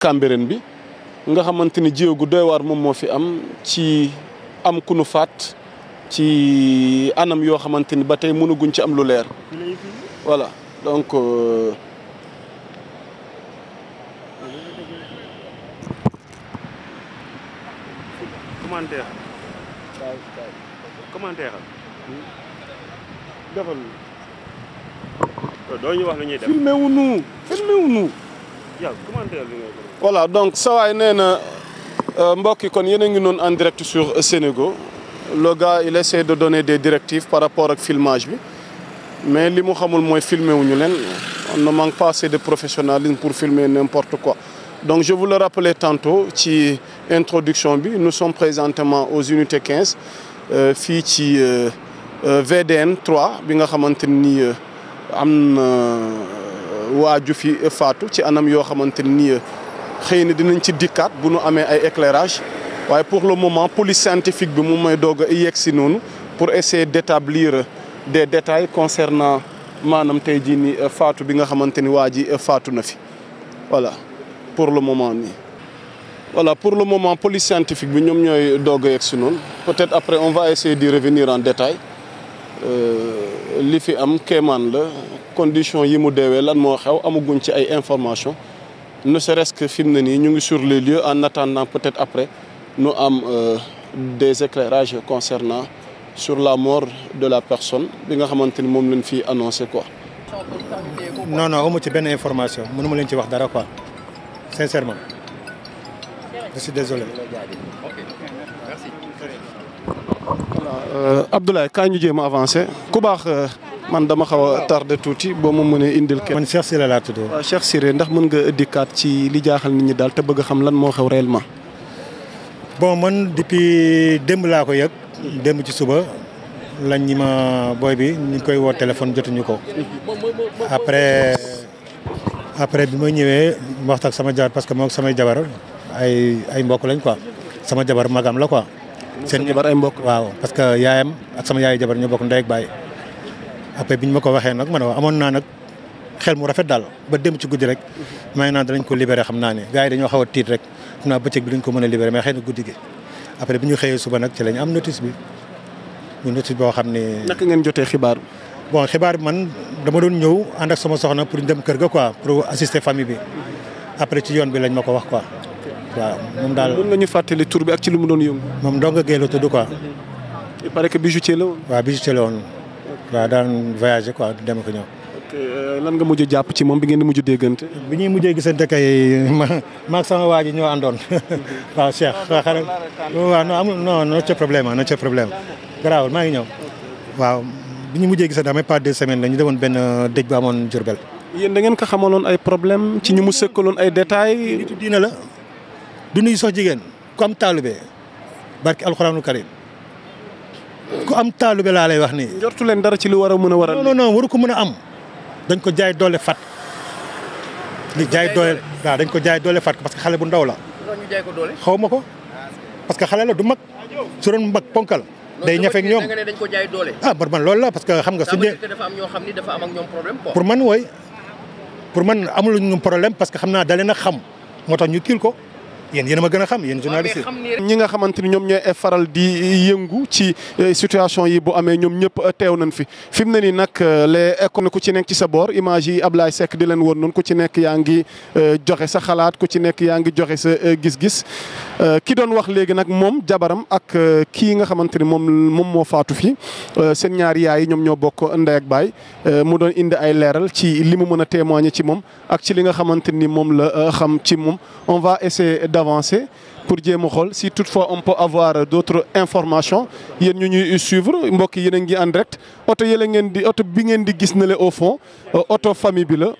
Cambérène bi nga xamante ni jéego gu doy war moom moo fi am ci am ku nu faat ci anam yoo xamante ni ba tey mënaguñ ci am lu leer voilà donc euh... commentaire nu voilà donc sawaay nee na euh, mbokki kon yéen a ngi noonu en direct sur Sénégo loga gars il essaie de donner des directives par rapport ak filmage bi mais li mu xamul mooy filmer wuñu leen on ne manque pas assez de professionnalisme pour filmer n'importe quoi donc je vous le rappelais tantôt ci introduction bi nous sommes présentement aux unités 15 euh, fii ci euh, VDN 3 bi nga xamante ni am waaju fi faatu ci anam yoo xamante ni euh, xëy na dinañ ci dikkaat bu nu amee ay éclairage waaye pour le moment police scientifique bi mu may doog a yegg si noonu pour essayer d'établir euh, des détails concernant maanaam tey jii ni euh, faatu bi nga xamante ni waa ji faatu na fi voilà pour le moment nii. voilà pour le moment police scientifique bi ñoom ñooy doog a yegg si noonu peut-être après on va essayer d'y revenir en détail. li fi am kéemaan la condition yi mu deewee lan moo xew amaguñ ci ay information ne serait-ce que fi mu ne nii ñu ngi sur les lieux en attendant peut-être après nu am euh, des éclairages concernant sur la mort de la personne bi nga xamante ni moom lañ fi annoncé quoi. non non amu ci benn information mënuma leen ci wax dara quoi sincèrement je suis désolé. Euh, Abdoulaye ka ñu jéem ma avancé ku baax euh, man dama xaw a tardé tuuti boo ma mënee indil. kenn man Cheikh Siré laa tudd. waaw euh, Cheikh ndax mën nga dikkaat ci li jaaxal nit ñi daal te bëgg xam lan moo xew réellement. bon man depuis démb laa ko yëg. démb ci suba lañ ñi ma booy bi ñu koy woo téléphone jotuñu ko. après après bi ma ñëwee waxtaan sama jabar parce que moom samay jabar ay ay mbokk lañ ko sama jabar magam la quoi. seen jabar ay waaw parce que yaayam ak sama yaayu jabar ñoo bokk ndey ak baay après bi ñu ma ko waxee nag ma ne waaw amoon naa nag xel mu rafet daal ba dem ci guddi rek may naan danañ ko libere xam naa ne gars yi dañoo xaw a tiit rek xam naa bëccëg bi duñ ko mën a libéré mais xëy na guddi gi après bi ñu xëyee suba nag ci lañ am notice bi ñu notice boo xam ne. naka ngeen jotee xibaar. bon xibaar bi man dama doon ñëw ànd ak sama soxna pour dem kër ga quoi pour assister famille bi après ci yoon bi lañ ma ko wax quoi. waaw moom daal mën nga ñu fàttali tur ak ci lu mu doon yëngu. moom dong gee la tudd quoi. il paraît que bijoutier la woon. waaw bijoutier la woon waaw daan voyager quoi dem ko ñëw. Euh, lan nga mujj jàpp ci moom bi ngeen di mujj déggante. bi ñuy mujjee gisante kay ma maag sama waa ji ñoo àndoon waaw Cheikh waaw xanaa waaw non amul non non c'est problème non c'est ngi ñëw waaw bi ñu mujjee gisante amee pas deux semaines la ñu demoon benn euh, dëj bu amoon Diourbel. yéen da ngeen ko xamaloon ay problème ci ñu mu sëkkaloon ay détails. nitu diina la du nuyu sax jigéen ku am taalube barki alxuraanul karim ku am taalube laa lay wax nii. njortu leen dara ci lu war a mën a waral. non non waru ko mën a am dañ ko jaay doole fat li jaay doole waaw dañ ko jaay doole fat parce que xale bu ndaw la. xaw ma ko parce que xale la du mag su doon mag ponkal. day ñafe ak ñoom ah man man loolu la parce que xam nga suñu. dafa xam ni dafa am pour man wooy pour man amul ñu problème parce que xam naa dalee na xam moo tax ñu kiil ko. yéen yéen a ma gën a xam yéen journaliste ñi nga xamante ni ñoom ñooy faral di yëngu ci eh, situation yi bu amee ñoom ñëpp eh, teew nañ fi fi mu ne nii nag eh, les écoles ku ci nekk ci sa boor image yi Ablaye sekk di leen woon noonu ku ci nekk yaa ngi joxe sa xalaat ku ci nekk yaa ngi joxe sa gis-gis ki doon wax léegi nag moom jabaram ak kii nga xamante ni moom moom moo faatu fi seen ñaar yaay ñoom ñoo bokk ndey ak baay mu doon indi ay leeral ci li mu mën a témoigner ci moom ak ci li nga xamante ni moom la xam ci moom d'avancer pour jéem a xool si toutefois on peut avoir d'autres informations yéen ñu ñuy suivre mbokk yéen a ngi en direct oto yële ngeen di oto bi ngeen di gis ne le au fond euh, oto famille bi la.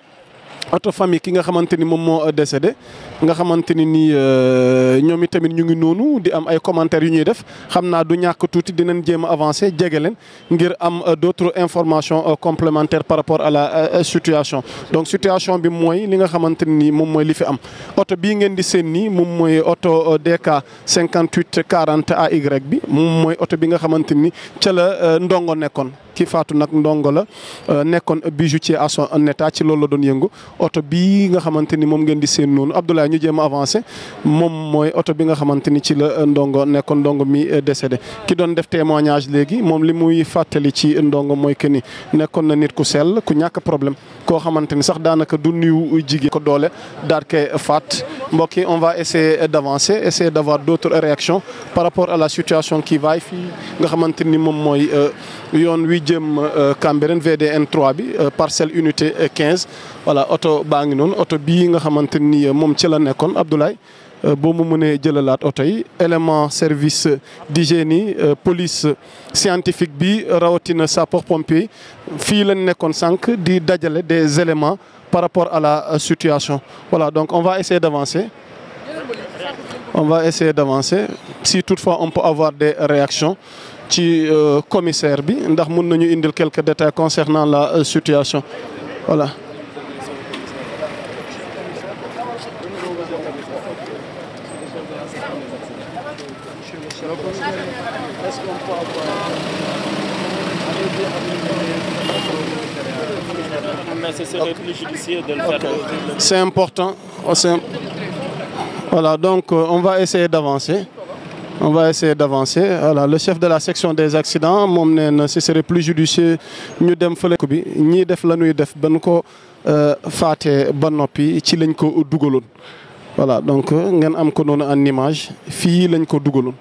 auto famille ki nga xamante ni moom moo euh, décedé nga xamante ni nii euh, ñoom itamit ñu ngi noonu di am ay commentaires yu ñuy def xam naa du ñàkk tuuti dinañ jéem a avancer jege leen ngir am euh, d'autres information complementaire par rapport à la situation. donc situation bi mooy li nga xamante ni moom mooy li fi am oto bii ngeen di seen nii moom mooy oto DK 58 40 AY bi moom mooy oto bi nga xamante ni ca la ndongo nekkoon. ki faatu nag ndongo la euh, nekkoon bijoutier ci son en état ci loolu la doon yëngu oto bii nga xamante ni moom ngeen di seen noonu Abdoulaye ñu jéem a moom mooy oto bi nga xamante ni ci la euh, ndongo nekkoon ndongo mi euh, décédé ki doon def témoignage léegi moom li muy fàttali ci ndongo mooy que ni nekkoon na nit ku sell ku ñàkk problème koo xamante ni sax daanaka du nuyu jigéen ko doole daal koy faat mbokk yi on va essayer d'avancer essayer d'avoir d'autres réactions par rapport à situation qui vaille fii nga xamante ni moom mooy jëm euh, Cambérène VDN 3 bi euh, parcelle unité quinze voilà oto baa ngi noonu oto bii nga xamante ni euh, moom ci la nekkoon Abdoulaye boo mu mënee jëlalaat oto yi élément service d'hygiène yi police scientifique bi rawatina sapeur pompier fii lañ nekkoon sànq di dajale des éléments par rapport à la situation wala donc on va essayer d'avancer on va essayer d'avancer si toutefois on peut avoir des réactions ci euh, commissaire bi ndax mun nañu indil quelques détails concernant la euh, situation voilà. C'est important. Voilà, donc euh, on va essayer d'avancer. on va essayer d'avancer voilà le chef de la section des accidents moom nee na ce serait plus judicieux ñu dem fële ko bi ñii def la ñuy def ban ko euh, faatee ba noppi ci lañ ko dugaloon voilà donc euh, ngeen am ko noonu en nimage fii lañ ko dugaloon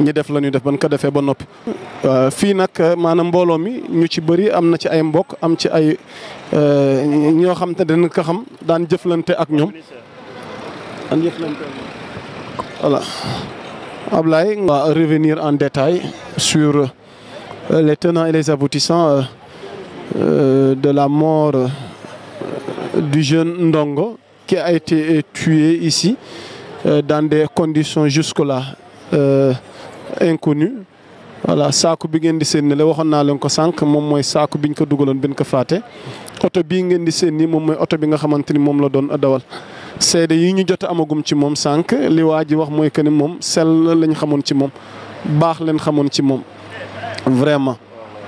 ñi def la ñuy def ban ko defee ba noppi. Euh, fii nag maanaam mbooloo mi ñu ci bëri am na ci ay mbokk am ci ay ñoo xam te dañ ko xam daan jëflante ak ñoom. daan Ablaye, on revenir en détail sur euh, les tenants et les aboutissants euh, euh, de la mort du jeune Ndongo qui a été tué ici dans des conditions jusque-là inconnues. voilà saako bi ngeen di seen ne la waxoon naa leen ko sànq moom mooy saako biñ ko dugaloon biñ ko faate oto bii ngeen di seen nii moom mooy oto bi nga xamante ni moom la doon a dawal. seede yi ñu jot amagum ci moom sànq li waa ji wax mooy que ni moom sell lañ xamoon ci moom baax leen xamoon ci moom vraiment.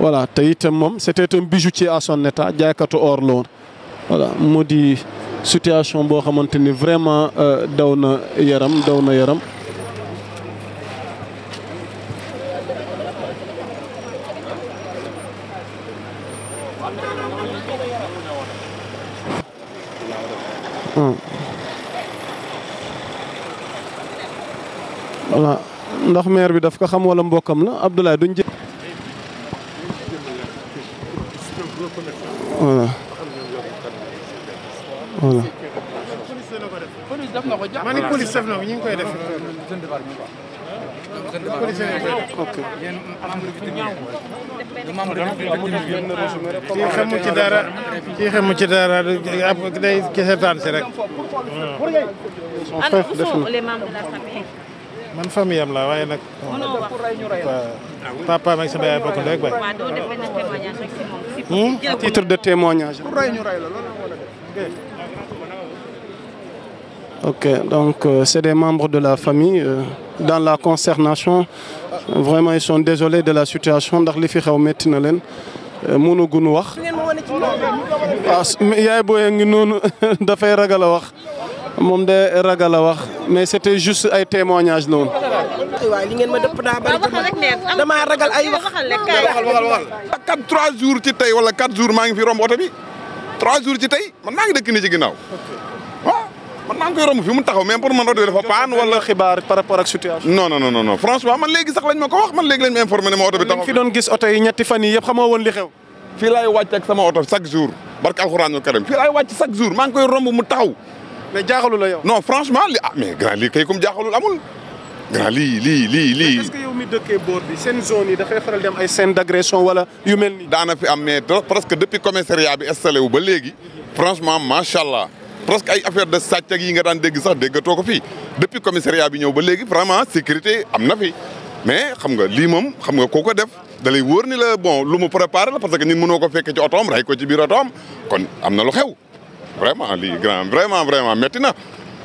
voilà te itam moom c'était un bijoutier à son état jaaykatu or la woon voilà moo di situation boo xamante ni vraiment euh, daw na yaram daw na yaram. maire bi daf ko xam wala mbokkam la Abdoulaye duñ jël. voilà. def ko ñu ngi koy def. man famille waaye nag. papa ak hmm? titre de témoignage. ok donc euh, c'est des membres de la famille euh, dans la consternation euh, vraiment ils sont désolés de la situation ndax li fi xew métti na leen mënaguñu wax. ah yaay booy ngi noonu dafay ragal wax. moom de ragal a wax mais c'était juste ay témoignage la woon. waaw li ngeen ma dëpp daa bari damaa ragal ay wax. waxal quatre trois jours ci tey wala quatre jours maa ngi fi romb oto bi trois jours ci tey man maa ngi dëkk ni ci ginnaaw. Ah, man maa ngi koy romb fi mu taxaw mais pour man oto bi dafa paan ma ko wax ma informé ne ma oto bi. taxaw fi doon gis oto yi ñetti fan yi yëpp xamoo woon wàcc ak sama maa ngi koy romb mu taxaw mais jaaxalul la yow. non franchement li ah mais grand lii kay comme jaaxalul amul. grand lii lii lii lii. est-ce seen zone yi dafay faral di am ay scène wala yu mel nii. daana fi am mais presque depuis commissariat bi installé wu ba léegi franchement macha allah presque ay affaire de sàcc yi nga daan dégg sax déggatoo ko fi depuis commissariat bi ñëw ba léegi vraiment sécurité am na fi. mais xam nga lii moom xam nga koo ko def da lay wóor ni la bon lu mu préparé la parce que nit mënoo ko fekk ci otoom ray ko ci biir otoom kon am na lu xew. vraiment lii grand vraiment vraiment métti na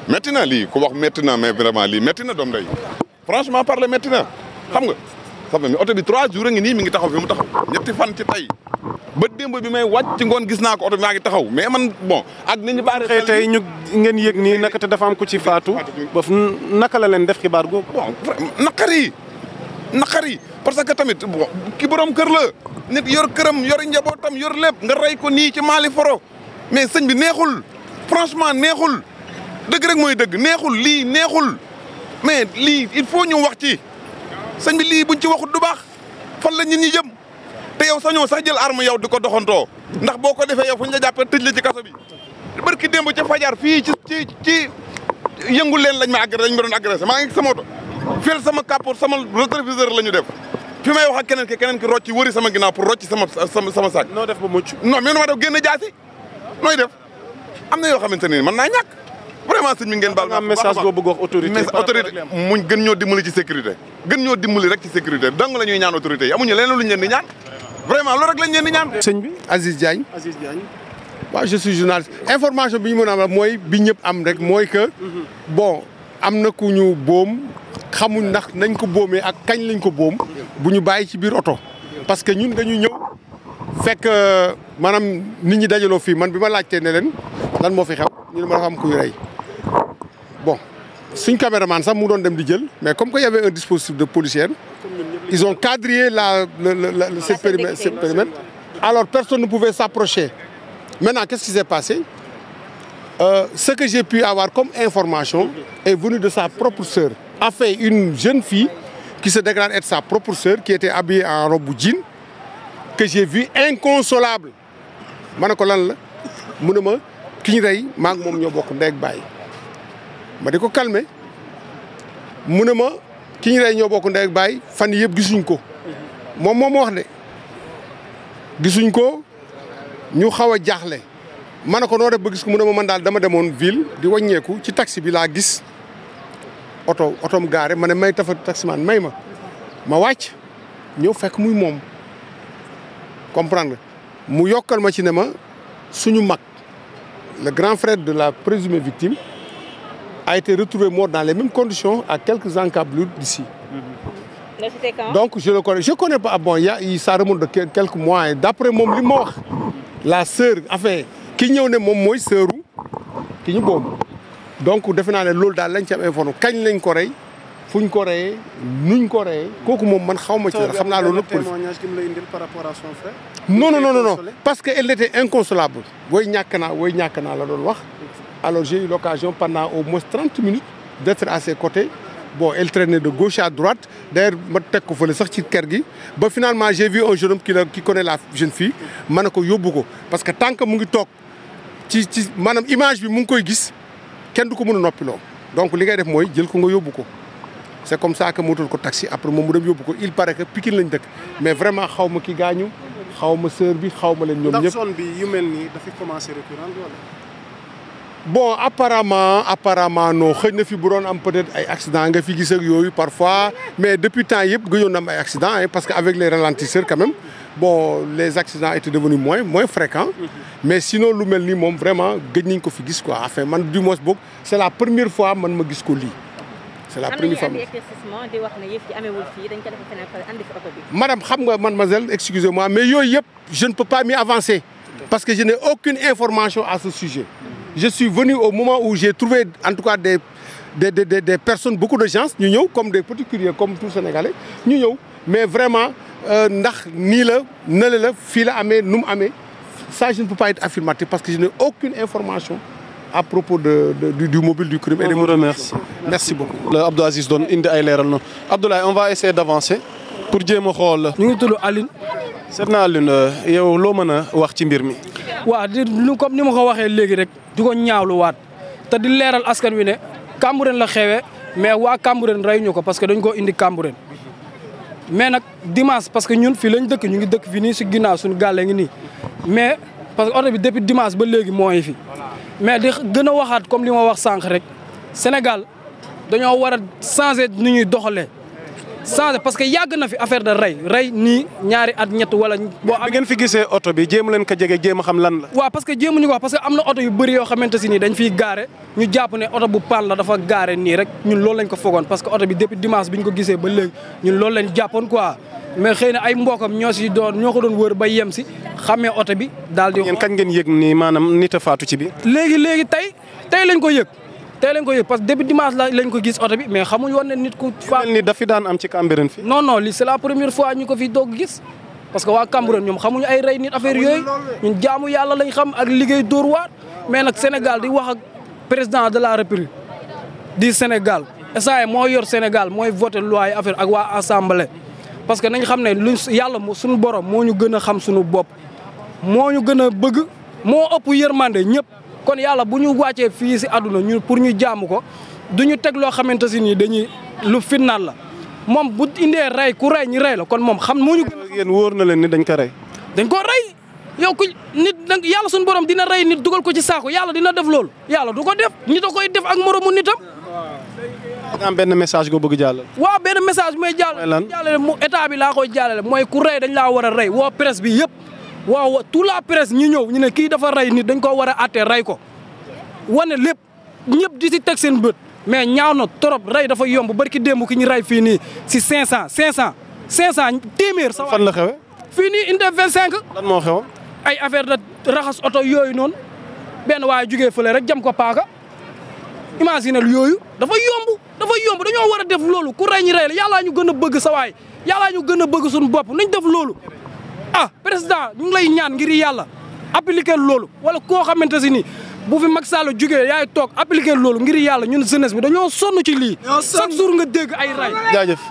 métti na lii ku wax métti na mais vraiment lii métti na doom day franchement parler métti na xam nga xam nga oto bi trois jours a ngi nii mi ngi taxaw fi mu taxaw ñetti fan ci tey ba démb bi may wàcc ci ngoon gis naa ko oto bi maa ngi taxaw mais man bon ak ni ñu bari xëy tey ñu ngeen yëg nii naka te dafa am ku ci faatu ba naka la leen def xibaar googu bon naqari naqari parce que tamit ki borom kër la nit yor këram yor njabootam yor lépp nga rey ko nii ci maali foro mais sañ bi neexul franchement neexul dëgg rek mooy dëgg neexul lii neexul mais lii il faut ñëw wax ci sëñ bi lii buñ ci waxut du baax fan la nit ñi jëm te yow sañoo sax jël arme yow di ko doxantoo ndax boo ko defee yow fu ñu la jàppee tëj la ci kaso bi barki démb ca fii ci ci ci yëngu leen lañ ma agressé lañ ma doon maa ngi sama oto fel sama kàppoor sama rétroviseur la ñu def fi may wax ak keneen ki keneen ki rocci wëri sama ginnaaw pour rocci sama sama sama sac. noo def ba mucc non mais nu ma def nooy def am na yoo xamante ne man naa ñàkk vraiment sëñ ngeen baal. am message boo bëgg wax autorité autorité muñ gën ñoo dimbali ci sécurité. gën ñoo dimbali rek ci sécurité dong la ñuy ñaan autorité yi amuñu leneen lu ñu leen di ñaan. vraiment loolu rek lañ leen di ñaan. sëñ bi Aziz Diagne. Aziz Diagne. waaw je suis journaliste information bi ñu mën a am mooy bi ñëpp am rek mooy que. Mhm. bon am na ku ñu boom xamuñ ndax nañ ko boomee ak kañ lañ ko boom bu ñu bàyyi ci biir oto parce que ñun dañuy ñëw. fekk euh, maanaam nit ñi dajaloo fii man bi ma laajtee ne leen lan moo fi xew ñu ma dafa am kuy rey bon suñ caméraman sax mu doon dem di jël mais comme que y avait un dispositif de policière ils ont quadrillé la la la la ce périmètre alors personne ne pouvait s'approcher maintenant qu'est-ce qui s'est passé euh, ce que j'ai pu avoir comme information est venu de sa propre sœur. Enfin, une jeune fille qui se déclare être sa propre sœur qui était habillée en robe jean que j'ai vu inconsolable ma ne ko lan la mu ne ma ki ñu rey maa moom ñoo bokk ndey ak baay ma di ko kalme mu ne ma ki ñu rey ñoo bokk ndey baay fan yëpp gisuñ ko moom moom wax de gisuñ ko ñu xaw a jaaxle ma ne ko noo def ba gis ko mu ne ma man daal dama demoon ville di wàññeeku ci taxi bi laa gis oto otom gaare ma ne may tafa taximaan may ma ma wàcc ñëw fekk muy moom comprendre mu yokkal ma ci ne ma suñu mag le grand frère de la présumée victime a été retrouvé mort dans les mêmes conditions à quelques encablures d'ici. Mmh. donc je le connais je connais pas bon y a ça remonte de quelques mois et d'après moom li ma wax la sœur enfin ki ñëw ne moom mooy sœuru ki ñu boobu donc defe naa ne loolu daal lañ ci am kañ lañ ko rey. fuñ ko reyee nuñ ko reyee kooku moom man xaw ma ci dara xam naa loolu nag témoignage gi mu lay indil par rapport à son parce que elle était inconsolable wooy ñàkk naa ñàkk naa la doon wax alors j'ai eu l'occasion au moins trente minutes d'être à ses côtés bon elle traînait de gauche à droite d'ailleurs ma teg ko fële sax ci ker gi ba finalement j'ai vu un jeune homme qui la qui connaît la jeune fille ma ne ko yóbbu ko parce que tant que mu ngi toog ci ci maanaam image bi mu ngi koy gis kenn du ko mun a noppiloo donc li ngay def mooy jël ko nga yóbbu ko c'est comme ça que motul ko taxi après moom mu dem yóbbu ko il paraît que Pikine lañ dëkk mais vraiment xaw ki gaañu xaw ma sœur bi xaw ma leen ñoom ñëpp zone bi yu mel nii dafay commencer récurrent wala bon apparemment apparemment non xëy na fi bu roon am peut-être ay accident nga fi gis ak yooyu parfois mais depuis temps yëpp gëjoon na am ay accident parce que avec les ralentisseurs quand même bon les accidents étaient devenus moins moins fréquents mhm. mais sinon lu mel nii moom vraiment gëj nañ ko fi gis quoi enfin man du moins boog c'est la première fois man ma gis ko lii c'est la première fois madame xam nga mademoiselle excusez-moi mais yooyu yëpp je ne peux pas m'y avancer parce que je n'ai aucune information à ce sujet je suis venu au moment où j'ai trouvé en tout cas des des des des personnes beaucoup de gens ñu ñëw comme des petits curieux comme tout Sénégalais ñu ñëw mais vraiment euh, ndax nii la nële la fii la amee nu mu amee ça je ne peux pas être affirmatif parce que je n'ai aucune information à propos de, de du, du, mobile du crime. On et des vous remercie. Merci doon indi ay leeral noonu Abdoulaye on va essayer d'avancer pour jéem a xool. ñu ngi tudd Aline. seet naa Aline euh, yow loo mën a wax ci mbir mi. waaw di comme ni ma ko waxee léegi rek. di ko ñaawlu waat te di leeral askan wi ne Cambérène la xewee mais waa kambureen rey ñu ko parce que dañu ko indi Cambérène. mais nag dimanche parce que ñun fii lañ dëkk ñu ngi dëkk fi nii si ginnaaw suñu gàlle ngi nii mais parce que oto bi depuis dimanche léegi moo ngi fi. mais di gën a waxaat comme li ma wax sànq rek Sénégal dañoo war a changer ni ñuy doxalee. changé parce que yàgg na fi affaire de rey rey nii ñaari at ñett wala. boo am bi ngeen fi gisee oto bi jéem leen ko jege jéem a xam lan la. waaw parce que jéem ñu ko wax parce que am na oto yu bëri yoo xamante si nii dañ fiy gaare ñu jàpp ne oto bu pan la dafa rek ñun loolu lañ ko fogoon parce que oto bi depuis dimanche bi ñu ko gisee ba léegi ñun loolu lañ jàppoon quoi. mais xëy na ay mbokam ñoo doon ñoo ko doon wër ba yem si xamee oto bi daal di. ngeen kañ ngeen yëg nii maanaam nit a faatu ci bi. léegi léegi tey tey lañ ko yëg tey lañ ko yëg parce que depuis dimanche la lañ ko gis oto bi mais xamuñ woon nit ku fa ni dafi daan am ci Cambérène fi non non li c'est la première fois ñu ko fi doog gis parce que waa Cambérène ñoom xamuñu ay rey nit affaire yooyu ñun jaamu yàlla lañu xam ak liggéey door waar mais nag Sénégal di wax ak président de la République di Sénégal essayé moo yor Sénégal mooy voté loi yi affaire ak waa assemblée parce que nañ xam ne lu yàlla suñu borom moo ñu gën a xam suñu bopp moo ñu gën a bëgg moo ëpp yërmande ñëpp kon yàlla bu ñu wàccee fii si àdduna ñu pour ñu jaamu ko du ñu teg loo xamante si nii dañuy lu finnaal la moom bu indee rey ku rey ñi rey la kon moom xam moo ñu. yéen wóor na leen ni dañ ko rey. dañ ko rey yow ku nit nag yàlla suñu borom dina rey nit dugal ko ci saako yàlla dina def loolu. yàlla du ko def nit a koy def ak moromu nitam. nga am benn message go bëgg jàllale. waa benn message mooy jàllale. lan jàllale mu état bi laa ko jàllale mooy ku rey dañ laa war a rey woo presse bi yëpp. waaw tout la presse ñu ñëw ñu ne kii dafa rey nit dañ ko war a àtte rey ko wane lépp ñëpp di si teg seen bët mais ñaaw na trop rey dafa yomb barki démb ki ñu ray fii nii si 500 500 500 téeméer. sa fan la xewe fii nii indi 25. lan moo xewoon. ay affaire de raxas oto yooyu noonu benn waaye jugee fële rek jam ko paaka imagine lu yooyu dafa yomb dafa yomb dañoo war a def loolu ku rey ñi rey la yàllaa ñu gën a bëgg sa waay yàllaa ñu a bëgg suñu bopp nañ def loolu. ah président ñu ngi lay ñaan ngir yàlla appliquer loolu wala koo xamante si nii bu fi Macky Sall jugee yaay toog appliquer loolu ngir yàlla ñun jeunesse bi dañoo sonn ci lii. chaque jour nga dégg ay ray jaajëf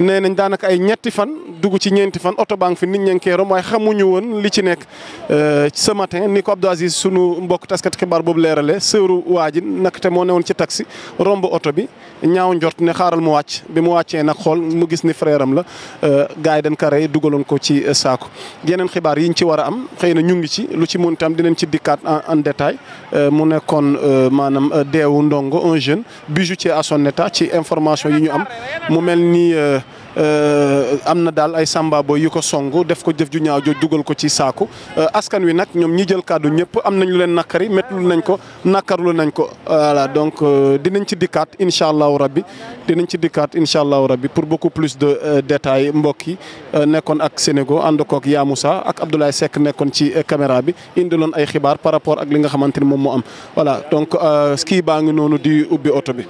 nee nañ daanaka ay ñetti fan dugg ci ñeenti fan oto baa ngi fi nit ña ngi koy romb waaye xamuñu woon li ci nekk. Euh, ce matin ni ko Abdou Aziz sunu mbokk taskat xibaar boobu leerale sëru waa ji nag te moo newoon ci taxi romb oto bi ñaaw njort ne xaaral mu wàcc bi mu wàccee nag xool mu gis ni frère am la euh, gars yi dañ ko rey dugaloon ko ci euh, saako. yeneen xibaar yiñ ci war a am xëy na ñu ngi ci lu ci mun tam dinañ ci dikkaat en détail mu nekkoon maanaam deewu ndongo un jeune bijoutier à son état ci information yi ñu am mu mel ni. Euh, am na daal ay samba boy yu ko song def ko jëf ju ñaaw jo dugal ko ci saaku euh, askan wi nag ñoom ñi jël kàddu ñëpp am nañu leen nakkari métlu nañ ko nakkarlu nañ ko voilà donc euh, dinañ ci dikkaat incha allahu rabbi dinañ ci dikkaat incha allahu rabbi pour beaucoup plus de détails mbokk yi nekkoon ak Sénégo ànd kook Yaa Moussa ak Abdoulaye Seck nekkoon ci caméra bi indi loon ay xibaar par rapport ak li nga xamante ni moom moo am voilà donc ski baa ngi noonu di ubbi oto bi.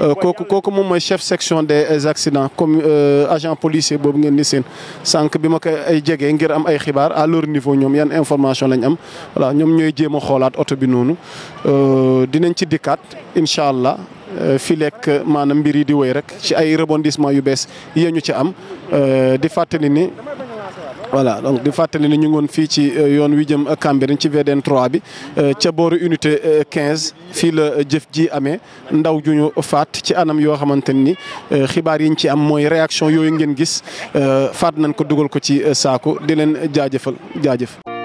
Euh, kooku kooku moom mooy chef section des accidents comme euh, agent policier boobu ngeen di seen sànq bi ma ko ay jegee ngir am ay xibaar à leur niveau ñoom yan information lañ am voilà ñoom ñooy jéema xoolaat oto bi noonu euh, dinañ ci dikkaat incha allah fi lekk maanaam mbir yi di woy rek ci ay rebondissement yu bees yéen ñu ci am di fàttali ni. voilà donc di fàttali ni ñu ngoon fii ci euh, yoon wi jëm Cambérène ci VDN 3 bi euh, ca boori unité euh, quinze fii la jëf ji amee ndaw ju ñu faat ci anam yoo xamante ni xibaar yi ci am mooy réaction yooyu ngeen gis faat nañ ko dugal ko ci saako di leen jaajëfal jaajëf.